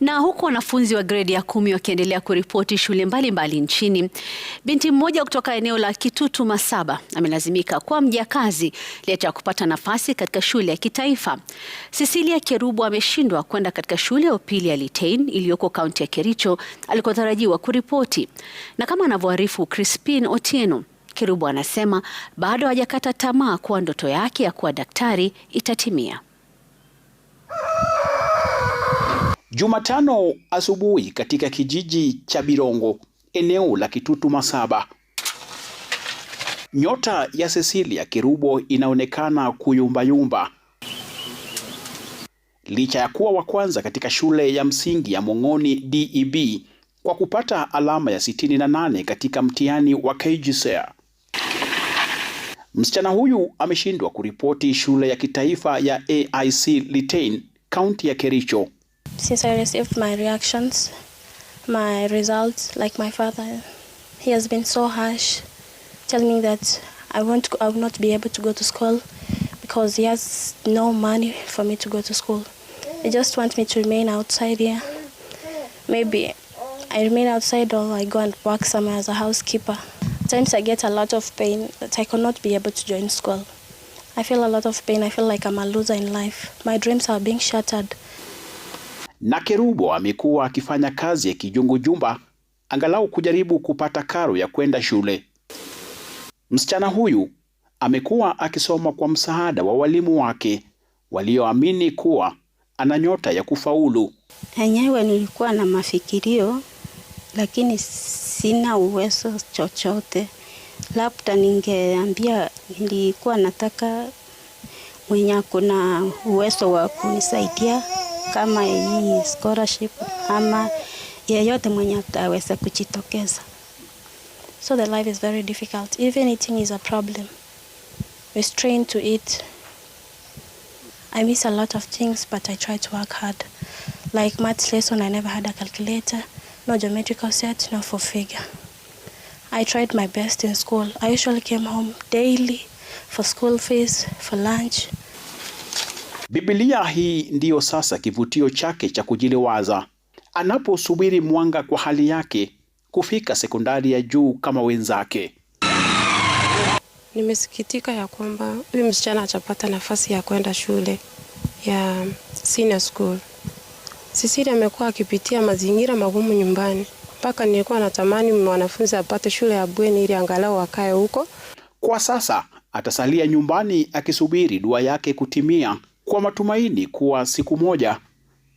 Na huku wanafunzi wa gredi ya kumi wakiendelea kuripoti shule mbalimbali mbali nchini, binti mmoja kutoka eneo la Kitutu Masaba amelazimika kuwa mjakazi licha ya kupata nafasi katika shule ya kitaifa. Cecilia Kerubo ameshindwa kwenda katika shule ya upili ya Litein iliyoko kaunti ya Kericho alikotarajiwa kuripoti, na kama anavyoarifu Crispin Otieno, Kerubo anasema bado hajakata tamaa kuwa ndoto yake ya kuwa daktari itatimia. Jumatano asubuhi katika kijiji cha Birongo eneo la Kitutu Masaba, nyota ya Cecilia Kirubo inaonekana kuyumbayumba licha ya kuwa wa kwanza katika shule ya msingi ya Mong'oni DEB kwa kupata alama ya 68 katika mtihani wa KJSEA. Msichana huyu ameshindwa kuripoti shule ya kitaifa ya AIC Litein, kaunti ya Kericho since I received my reactions, my results, like my father, he has been so harsh, telling me that I won't, I will not be able to go to school because he has no money for me to go to school. He just wants me to remain outside here. Maybe I remain outside or I go and work somewhere as a housekeeper. times I get a lot of pain that I cannot be able to join school. I feel a lot of pain. I feel like I'm a loser in life. My dreams are being shattered. na Kerubo amekuwa akifanya kazi ya kijungujumba angalau kujaribu kupata karo ya kwenda shule. Msichana huyu amekuwa akisoma kwa msaada wa walimu wake walioamini kuwa ana nyota ya kufaulu. Enyewe nilikuwa na mafikirio, lakini sina uwezo chochote. Labda ningeambia, nilikuwa nataka mwenye ako na uwezo wa kunisaidia kama hii scholarship ama yeyote mwenye ataweza kujitokeza. So the life is very difficult. Even eating is a problem. Restrained to eat. I miss a lot of things but I try to work hard. Like math lesson I never had a calculator, no geometrical set, no for figure. I tried my best in school. I usually came home daily for school fees, for lunch. Biblia hii ndiyo sasa kivutio chake cha kujiliwaza. Anaposubiri mwanga kwa hali yake kufika sekondari ya juu kama wenzake. Nimesikitika ya kwamba huyu msichana atapata nafasi ya kwenda shule ya senior school. Sisiri amekuwa akipitia mazingira magumu nyumbani, mpaka nilikuwa natamani mwanafunzi apate shule ya bweni ili angalau akae huko. Kwa sasa atasalia nyumbani akisubiri dua yake kutimia kwa matumaini kuwa siku moja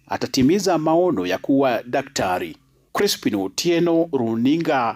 atatimiza maono ya kuwa daktari. Crispin Otieno, Runinga